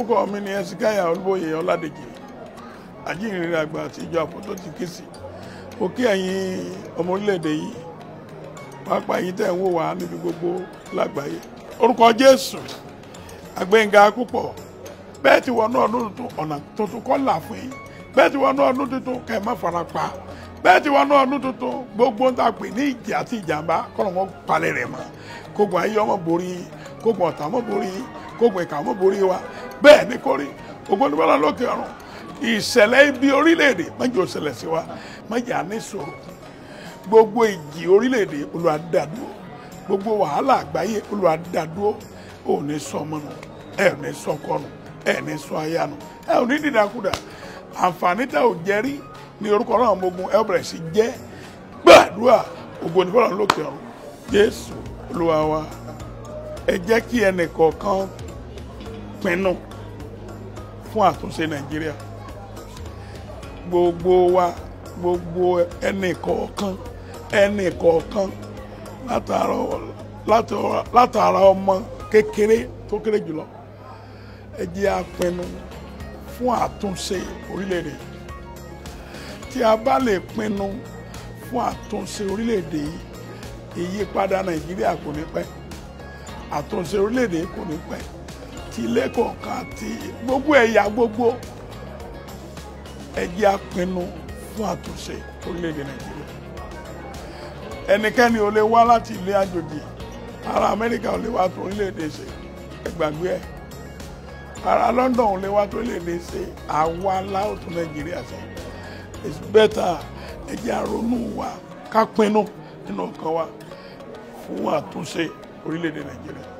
orúkọ mi ni ẹsikáyà olúbóyè ọládèjì ajínrere àgbà àti ìjọ àpótò ti ké sí mo kí ẹ̀yin ọmọ orílẹ̀-èdè yìí pàápàá tẹ̀ gbogbo lágbàáyé orúkọ jésù àgbẹ̀ǹga púpọ̀ bẹ́ẹ̀ ti wọnú ọdún tuntun ọ̀nà tuntun kọ́ là fún yín bẹ́ẹ̀ ti wọnú fara pa bẹ́ẹ̀ ti wọnú ọdún gbogbo ń ta pè ní ìjà àti ìjàmbá kọ́nà wọn palẹ̀ rẹ̀ mọ́ ayé ọmọ borí borí borí wa bẹ́ẹ̀ ni kò rí ògbónibọ́lá lókè ọ̀run ìṣẹ̀lẹ̀ ibi orílẹ̀-èdè mẹ́jọ ṣẹlẹ̀ sí wa mẹ́jà ní sọ̀rọ̀ gbogbo ìjì orílẹ̀-èdè Olúwa dádúró gbogbo wàhálà àgbáyé Olúwa dádúró ò ní sọmọ nù ẹ ò ní sọkọ nù ẹ ò ní sọ aya nù ẹ ò ní dìdàkudà àǹfààní tá ò jẹ rí ní orúkọ náà mogun ẹ bẹ̀rẹ̀ sí jẹ́ gbàdúrà ògbónibọ́lá lókè ọ̀run Jésù Olúwa wa ẹ jẹ́ kí ẹnì kọ̀ọ̀kan pinnu fún àtúnṣe nàìjíríà gbogbo wa gbogbo ẹnì kọ̀ọ̀kan ẹnì kọ̀ọ̀kan látara ọmọ kékeré tó kéré jùlọ ẹ jẹ́ a pinnu fún àtúnṣe orílẹ̀-èdè tí a bá lè pinnu fún àtúnṣe orílẹ̀-èdè yìí ìyípadà nàìjíríà kò ní pẹ́ àtúnṣe orílẹ̀-èdè kò ní pẹ́ àti ilé àti gbogbo ẹ̀yà gbogbo ẹ àpinnu fún àtúnṣe orílẹ̀-èdè nàìjíríà ẹnikẹ́ni ò lè wá láti ilé àjòjì ará amẹ́ríkà ò lè wá tó orílẹ̀-èdè ṣe ẹ ẹ̀ ará london ò lè wá tó orílẹ̀-èdè ṣe àwa láòtú nàìjíríà ṣe it's better ẹ jẹ́ àrònú wa ká pinnu nínú nǹkan wa fún àtúnṣe orílẹ̀-èdè nàìjíríà.